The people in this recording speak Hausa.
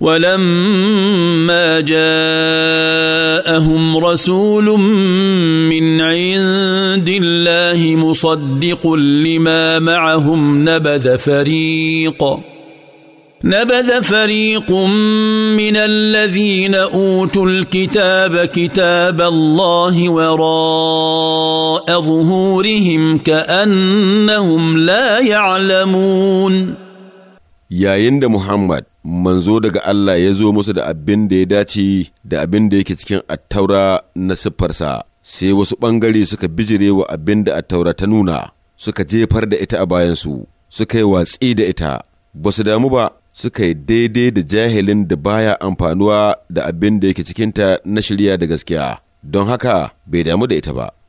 ولما جاءهم رسول من عند الله مصدق لما معهم نبذ فريق نبذ فريق من الذين اوتوا الكتاب كتاب الله وراء ظهورهم كانهم لا يعلمون yayin da Muhammad manzo daga Allah ya zo musu da abin da ya dace da abin da yake cikin attaura na siffarsa sai wasu ɓangare suka bijire wa abin da attaura ta nuna suka jefar da ita a bayansu suka yi watsi da ita ba su damu ba suka yi daidai da jahilin da baya amfanuwa da abin da yake cikinta na shirya da gaskiya don haka bai damu da ita ba.